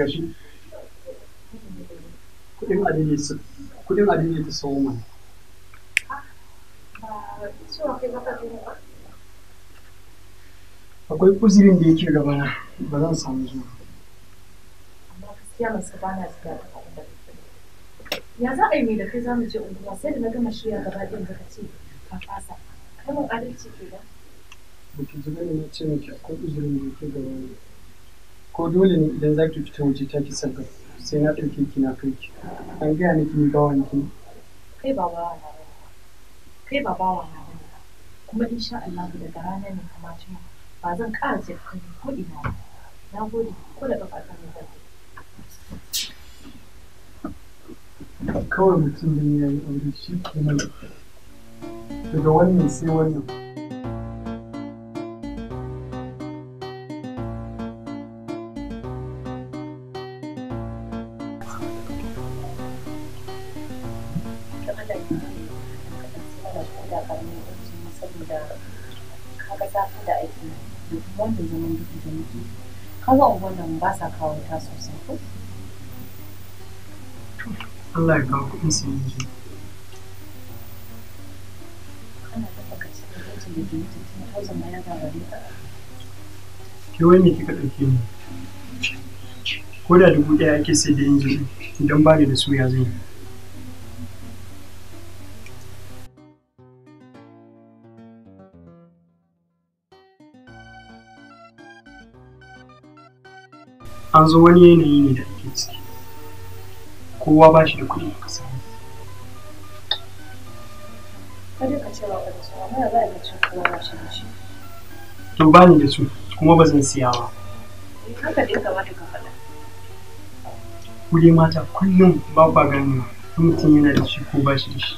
gashi kudin adini su kudin adini ta soma akwai uzirin da yake gabana ba zan samu zuwa ya za a yi mai da kai za mu je unguwa sai da na gama shirya gaba ɗin daga ce ka fasa kai mun adalci ke da ba ki zuba ne na ce miki akwai kuzirin da yake gabana ko dole ne idan za ki fita waje ta ki sabga sai na ɗauke ki na kai ki an gaya ni ni bawa ki kai ba bawa na ba kai ba bawa na ba kuma insha Allah daga ranar ne kamar juma ba zan ƙara ce ka ko ina ba na gode ko da ƙafa ta ne zan kawai mutum ne ya yi aure shi kenan daga wannan sai wannan da duk wannan zaman duka da muke kaga unguwan ba sa kawo ta sosai ko Allah ya kawo kuɗin su yanzu kana da baka cikin lokacin da ke mutu tun ko zama ya gaba da ke wai me kika dauke ni ko da dubu ɗaya ake sai da injin idan ba da su ya zai an zo wani yanayi ne da ake ciki kowa ba shi da kuɗi a ƙasa to ba ni da su kuma ba zan siya ba eh, haka kamata ka faɗa mata kullum ba ba ganin mutum yana da shi ko ba shi da shi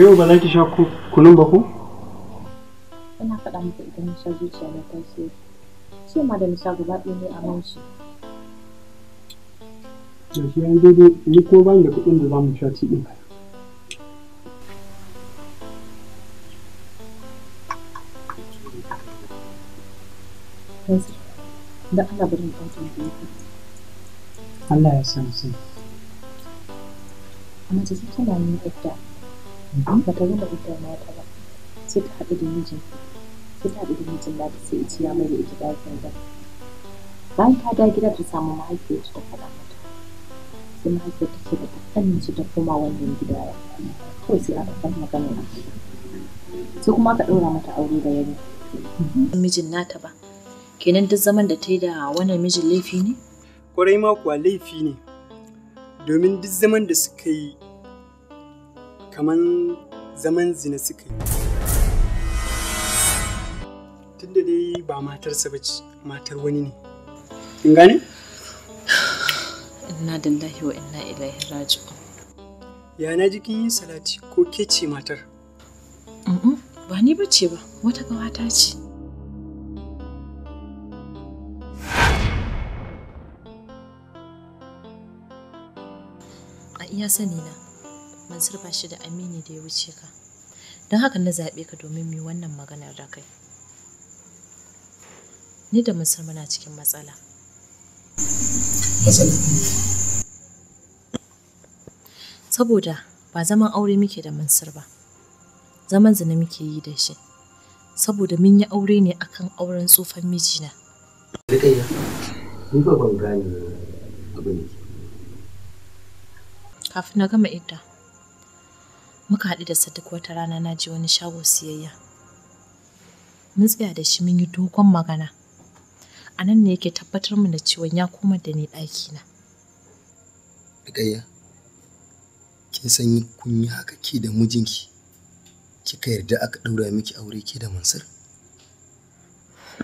Ke ba za ki sha kunun ba ku? Ina faɗa muku idan na sha zuciya na tasiri. Sai ma da na sha gaba ɗaya ne a nan shi Da shi an daidai ni ko ba da kuɗin da za mu sha ci ɗin. Da ana bari mu ɗauke da Allah ya san sai. Amma da kike na ni da ba ta gama idan mata ba sai ta haɗu da mijin sai ta haɗu da mijin ba ta sai ci ya mai da ita ɗakin ba bayan ta da gida ta samu mahaifiyarta ta faɗa mata sai mahaifiyar ta ce da ta su ta koma wannan gida ya kawai sai aka fara magana a sai kuma aka ɗora mata aure da yari mhm. mijin nata ba kenan duk zaman da ta yi da wannan mijin laifi ne? Kwarai ma kuwa laifi ne domin duk zaman da suka yi kaman zaman zina suka yi tunda dai ba matarsa ba ce matar wani ne kin gane inna lillahi wa inna ilaihi raji'un ya na jikin yin salati ko ke ce matar ba ni bace ba wata gawata ce a iya sani na Mansur ba shi da amini da ya wuce ka. Don haka na zaɓe ka domin mu wannan maganar da kai. Ni da musar muna cikin matsala. Matsala? Saboda ba zaman aure muke da Mansur ba. Zaman zina muke yi da shi. Saboda mun yi aure ne akan auren tsofan mijina. Kafin na gama ita. muka haɗu da Sadiq wata rana na ji wani shago siyayya. Mun tsaya da shi mun yi dogon magana. A nan ne yake tabbatar mu da cewa ya koma da ni ɗakina. Rikayya, kin san kun yi haka ke da mijinki, kika yarda aka ɗaura miki aure ke da Mansur?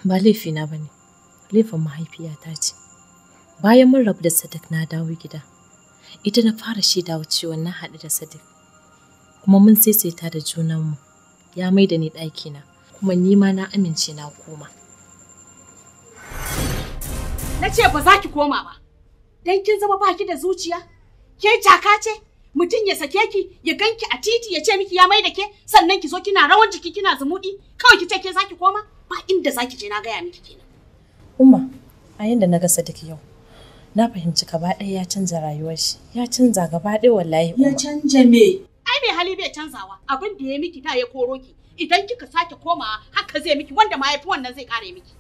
Ba laifina ba ne, laifin mahaifiyata ce. Bayan mun rabu da Sadiq na dawo gida, ita na fara shaidawa cewa na haɗu da Sadiq. kuma mun saisaita da junanmu ya mai da ni ɗakina kuma ni ma na amince na koma. Na ce ba za ki koma ba, don kin zama baki da zuciya, ke jaka ce, mutum ya sake ki, ya ganki a titi ya ce miki ya mai da ke, sannan ki zo kina rawan jiki kina zumuɗi, kawai ki ce ke za ki koma, ba inda za ki je na gaya miki kenan. Umma, a yadda na ga yau, na fahimci gaba ɗaya ya canza rayuwar shi, ya canza gaba ɗaya wallahi. Ya canja me? ai mai hali bai canzawa abin da ya miki da ya koro ki idan kika sake koma haka zai miki wanda ma yafi wannan zai kare miki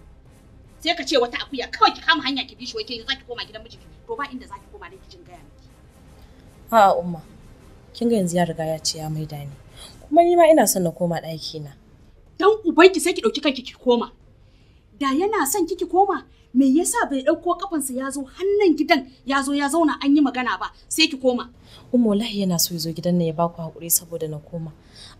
sai ka ce wata akuya kawai ki kama hanya ki bi shi wai kin zaki koma gidan miji to ba inda zaki koma dai kin gaya miki a umma kin ga yanzu ya riga ya ce ya maida ni kuma ni ma ina son na koma ɗaki na dan ubanki sai ki dauki kanki ki koma da yana son kiki koma me yasa bai ɗauko kafansa ya zo hannun gidan ya zo ya zauna an yi magana ba sai ki koma umma wallahi yana so ya zo gidan nan ya baku hakuri saboda na koma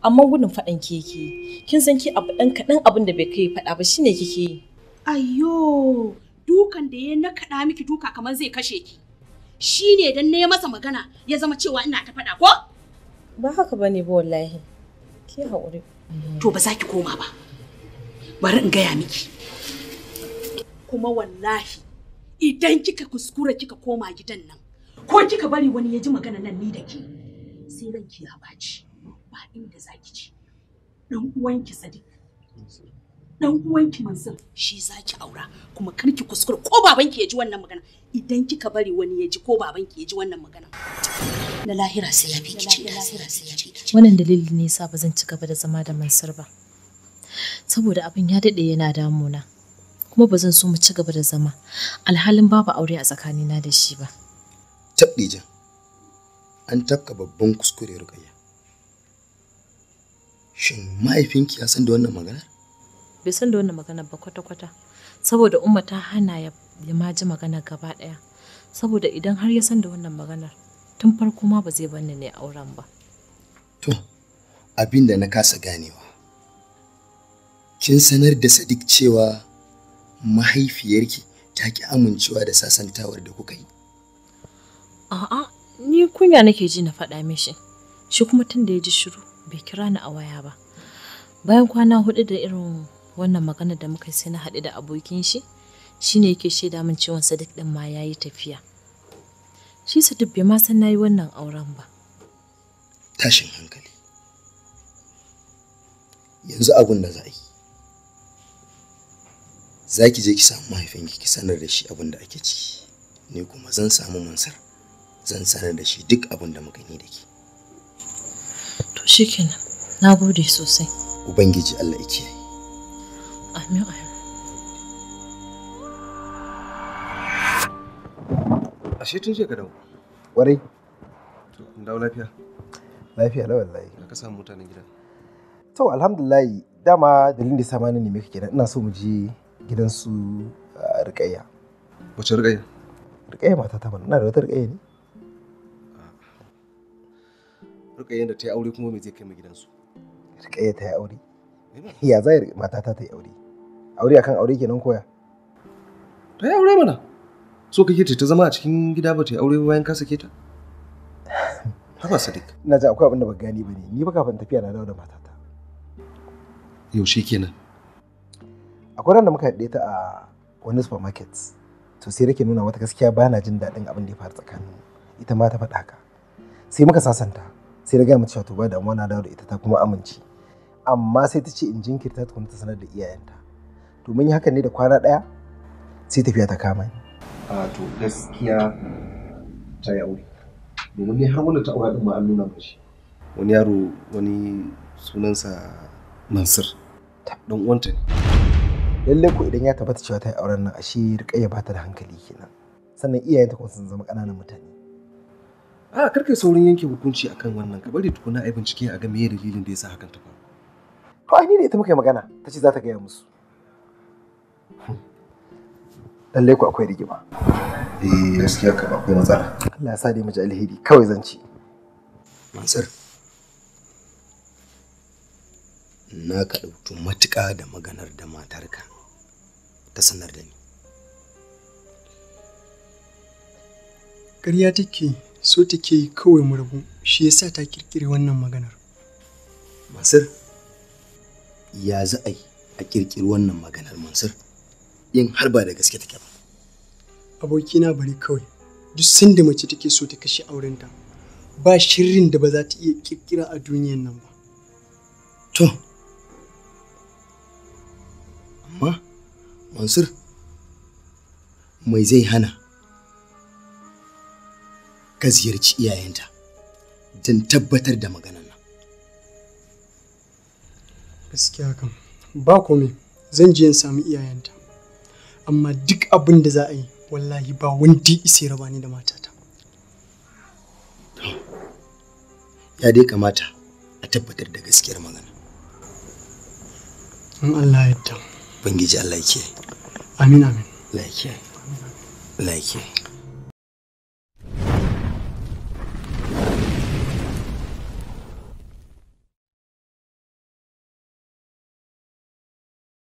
amma gudun faɗan ki yake yi kin san ki abu ɗan kaɗan abin da bai kai faɗa ba shine kike yi ayyo dukan da ya nakaɗa miki duka kamar zai kashe ki shine dan na masa magana ya zama cewa ina ta faɗa ko ba haka bane ba wallahi ki haƙuri to ba za ki koma ba bari in gaya miki kuma wallahi idan kika kuskura kika koma gidan nan ko kika bari wani ya ji magana nan ni da ke sai ranki ya baci ba inda zaki ci dan uwanki sadiq dan uwanki mansur shi zaki aura kuma kar ki kuskura ko babanki ya ji wannan magana idan kika bari wani ya ji ko babanki ya ji wannan magana na lahira sai ya bi kici wannan dalili ne yasa ba zan ci gaba da zama da mansur ba saboda abin ya daɗe yana na kuma bazan so mu ci gaba da zama alhalin babu aure a tsakanina da shi ba tabbijin an tafka babban kuskure rukayya shin mahaifinki ya san da wannan magana bai san da wannan magana ba kwata-kwata saboda umma ta hana ya ma ji magana gaba ɗaya saboda idan har ya san da wannan maganar tun farko ma ba zai bani ne auren ba to abin da na kasa ganewa kin sanar da Sadiq cewa mahaifiyarki ta ki amincewa da sasantawar da kuka yi? A'a, ni kunya nake ji na faɗa mishi. Shi kuma tun da ya ji shiru bai kira ni a waya ba. Bayan kwana hudu da irin wannan magana da muka sai na haɗu da abokin shi, shi ne yake shaida min ciwon Sadiq ɗin ma ya yi tafiya. Shi Sadiq bai ma san na yi wannan auren ba. Tashin hankali. Yanzu abun da za a yi. za ki je ki samu mahaifinki ki sanar da shi abin da ake ciki ni kuma zan samu mansar zan sanar da shi duk abin da muka yi da ke to shikenan na gode sosai ubangiji allah ya kiyaye amin amin ashe tun jiya ka dawo warai to in dawo lafiya lafiya la wallahi ka samu mutanen gida to alhamdulillah dama dalilin da samanin ne muke na neme ka kenan ina so mu je gidansu ah, rikayya wace rikayya rikayya mata ta mana ina da wata rikayya ne ah, rikayya da ta yi aure kuma me zai kai mu gidansu rikayya ta yi aure ya za mata ta ta yi aure aure akan aure kenan koya ta yi aure mana so kake ta ta zama a cikin gida ba ta yi aure bayan ka sake ta haba sadiq ina ji akwai abin da ba gani ba ne ni ba kafin tafiya na dawo da matata yaushe kenan akwai ran da muka haɗe ta a wani supermarket to sai rake nuna mata gaskiya ba na jin daɗin abin da ya faru tsakanin ita ma ta faɗa haka sai muka sasanta sai na gaya mata cewa to ba damuwa na dawo da ita ta kuma amince amma sai ta ce in jinkirta kuma ta sanar da iyayenta to mun yi hakan ne da kwana ɗaya sai tafiya ta kama ni a to gaskiya ta yi aure domin ne har wanda ta aura din ma an nuna shi wani yaro wani sunansa mansur dan uwanta ne lallai ko idan ya tabbata cewa ta yi auren nan ashe rika ba ta da hankali kenan sannan iyayenta kuma sun zama ƙananan mutane a karka saurin yanke hukunci akan wannan ka bari tukuna ai bincike a ga meye dalilin da yasa hakan ta faru to ai ni ne ita muka yi magana ta ce za ta gaya musu lallai ku akwai rigima eh gaskiya ka akwai matsala Allah ya sa dai miji alheri kawai zan ci Mansur na ka ɗauki matuƙa da maganar da matarka ta sanar da ni. Ƙarya take so take yi kawai murabu shi ya sa ta kirkiri wannan maganar. Mansur ya za a yi a wannan maganar Mansur Yin harba da gaske take ba. Abokina bari kawai duk sanda mace take so ta kashe aurenta ba shirin da ba za ta iya ƙirƙira a duniyan nan ba. To, amma Mansur, mai zai hana ka ziyarci iyayenta don tabbatar da maganan nan. Gaskiya kan ba komai zan je in sami iyayenta, amma duk abin da za a yi wallahi ba wanda isa raba ni da matata. Ya dai kamata a tabbatar da gaskiyar magana. In Allah ya yarda. ubangiji Allah ya kiyaye amin amin Allah ya kiyaye Allah ya kiyaye